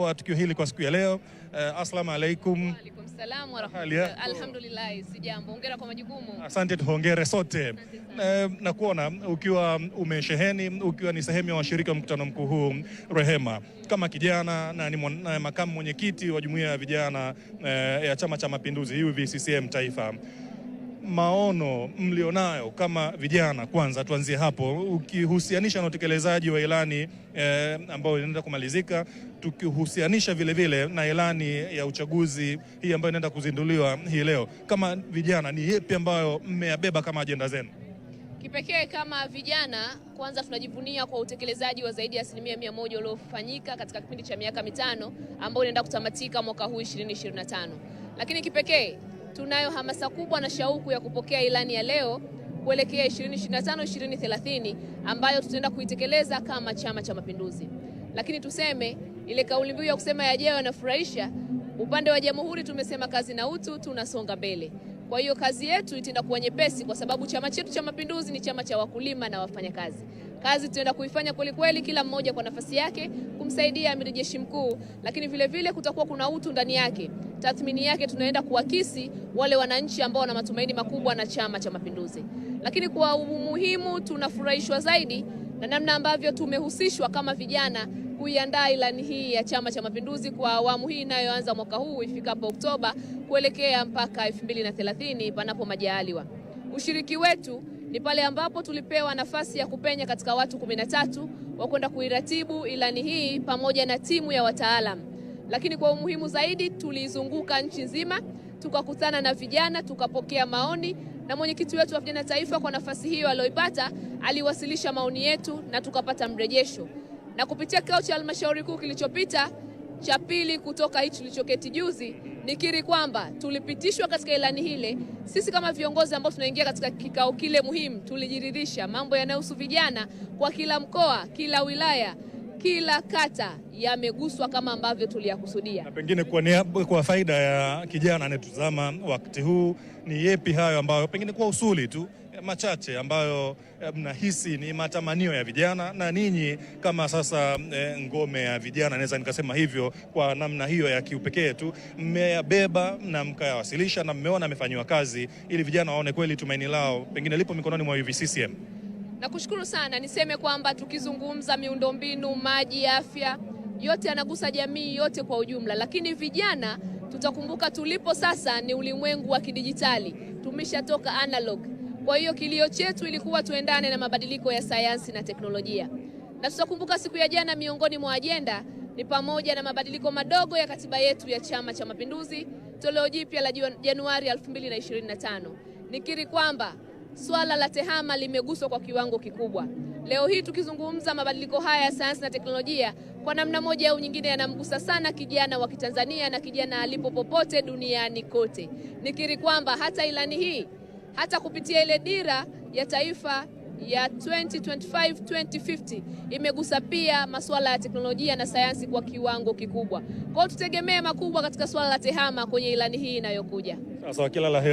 wa tukio hili kwa siku ya leo. Uh, assalamu alaikum. Alhamdulillah, sijambo. Hongera kwa majukumu. Asante, tuhongere sote uh, eh, na kuona ukiwa umesheheni ukiwa ni sehemu ya washiriki wa mkutano mkuu huu Rehema, kama kijana na ni makamu mwenyekiti wa jumuiya ya vijana uh, ya Chama cha Mapinduzi UVCCM taifa maono mlionayo kama vijana, kwanza tuanzie hapo, ukihusianisha na utekelezaji wa ilani eh, ambayo inaenda kumalizika, tukihusianisha vile vile na ilani ya uchaguzi hii ambayo inaenda kuzinduliwa hii leo, kama vijana, ni yepi ambayo mmeyabeba kama ajenda zenu? Kipekee kama vijana, kwanza tunajivunia kwa utekelezaji wa zaidi ya asilimia mia moja uliofanyika katika kipindi cha miaka mitano ambao inaenda kutamatika mwaka huu 2025 lakini kipekee tunayo hamasa kubwa na shauku ya kupokea ilani ya leo kuelekea 2025 2030 ambayo tutaenda kuitekeleza kama Chama cha Mapinduzi. Lakini tuseme ile kauli mbiu ya kusema yajayo yanafurahisha, upande wa Jamhuri tumesema kazi na utu, tunasonga mbele. Kwa hiyo kazi yetu itaenda kuwa nyepesi kwa sababu chama chetu cha Mapinduzi ni chama cha wakulima na wafanyakazi. Kazi tunaenda kuifanya kweli kweli, kila mmoja kwa nafasi yake kumsaidia amiri jeshi mkuu, lakini vile vile kutakuwa kuna utu ndani yake. Tathmini yake tunaenda kuakisi wale wananchi ambao wana matumaini makubwa na Chama cha Mapinduzi. Lakini kwa umuhimu, tunafurahishwa zaidi na namna ambavyo tumehusishwa kama vijana kuiandaa ilani hii ya Chama cha Mapinduzi kwa awamu hii inayoanza mwaka huu ifikapo Oktoba kuelekea mpaka 2030 panapo majaliwa. Ushiriki wetu ni pale ambapo tulipewa nafasi ya kupenya katika watu kumi na tatu wa kwenda kuiratibu ilani hii pamoja na timu ya wataalam, lakini kwa umuhimu zaidi tulizunguka nchi nzima tukakutana na vijana tukapokea maoni, na mwenyekiti wetu wa vijana taifa kwa nafasi hiyo aliyoipata aliwasilisha maoni yetu na tukapata mrejesho, na kupitia kikao cha halmashauri kuu kilichopita cha pili kutoka hichi tulichoketi juzi, nikiri kwamba tulipitishwa katika ilani hile. Sisi kama viongozi ambao tunaingia katika kikao kile muhimu, tulijiridhisha mambo yanayohusu vijana kwa kila mkoa, kila wilaya kila kata yameguswa kama ambavyo tuliyakusudia. Na pengine kwa, niabu, kwa faida ya kijana anayetuzama wakati huu, ni yepi hayo ambayo pengine kwa usuli tu machache ambayo eh, mnahisi ni matamanio ya vijana na ninyi kama sasa e, ngome ya vijana, naweza nikasema hivyo kwa namna hiyo ya kiupekee tu, mmeyabeba na mkayawasilisha na mmeona amefanyiwa kazi, ili vijana waone kweli tumaini lao pengine lipo mikononi mwa UVCCM. Nakushukuru sana, niseme kwamba tukizungumza miundombinu, maji, afya, yote yanagusa jamii yote kwa ujumla, lakini vijana tutakumbuka tulipo sasa ni ulimwengu wa kidijitali, tumeshatoka analog. Kwa hiyo kilio chetu ilikuwa tuendane na mabadiliko ya sayansi na teknolojia, na tutakumbuka siku ya jana, miongoni mwa ajenda ni pamoja na mabadiliko madogo ya katiba yetu ya Chama cha Mapinduzi, toleo jipya la Januari 2025. Nikiri kwamba swala la tehama limeguswa kwa kiwango kikubwa. Leo hii tukizungumza mabadiliko haya ya sayansi na teknolojia, kwa namna moja au nyingine, yanamgusa sana kijana wa Kitanzania na kijana alipo popote duniani kote. Nikiri kwamba hata ilani hii, hata kupitia ile dira ya taifa ya 2025 2050 imegusa pia masuala ya teknolojia na sayansi kwa kiwango kikubwa. Kwa hiyo tutegemee makubwa katika suala la tehama kwenye ilani hii inayokuja. Sasa kila la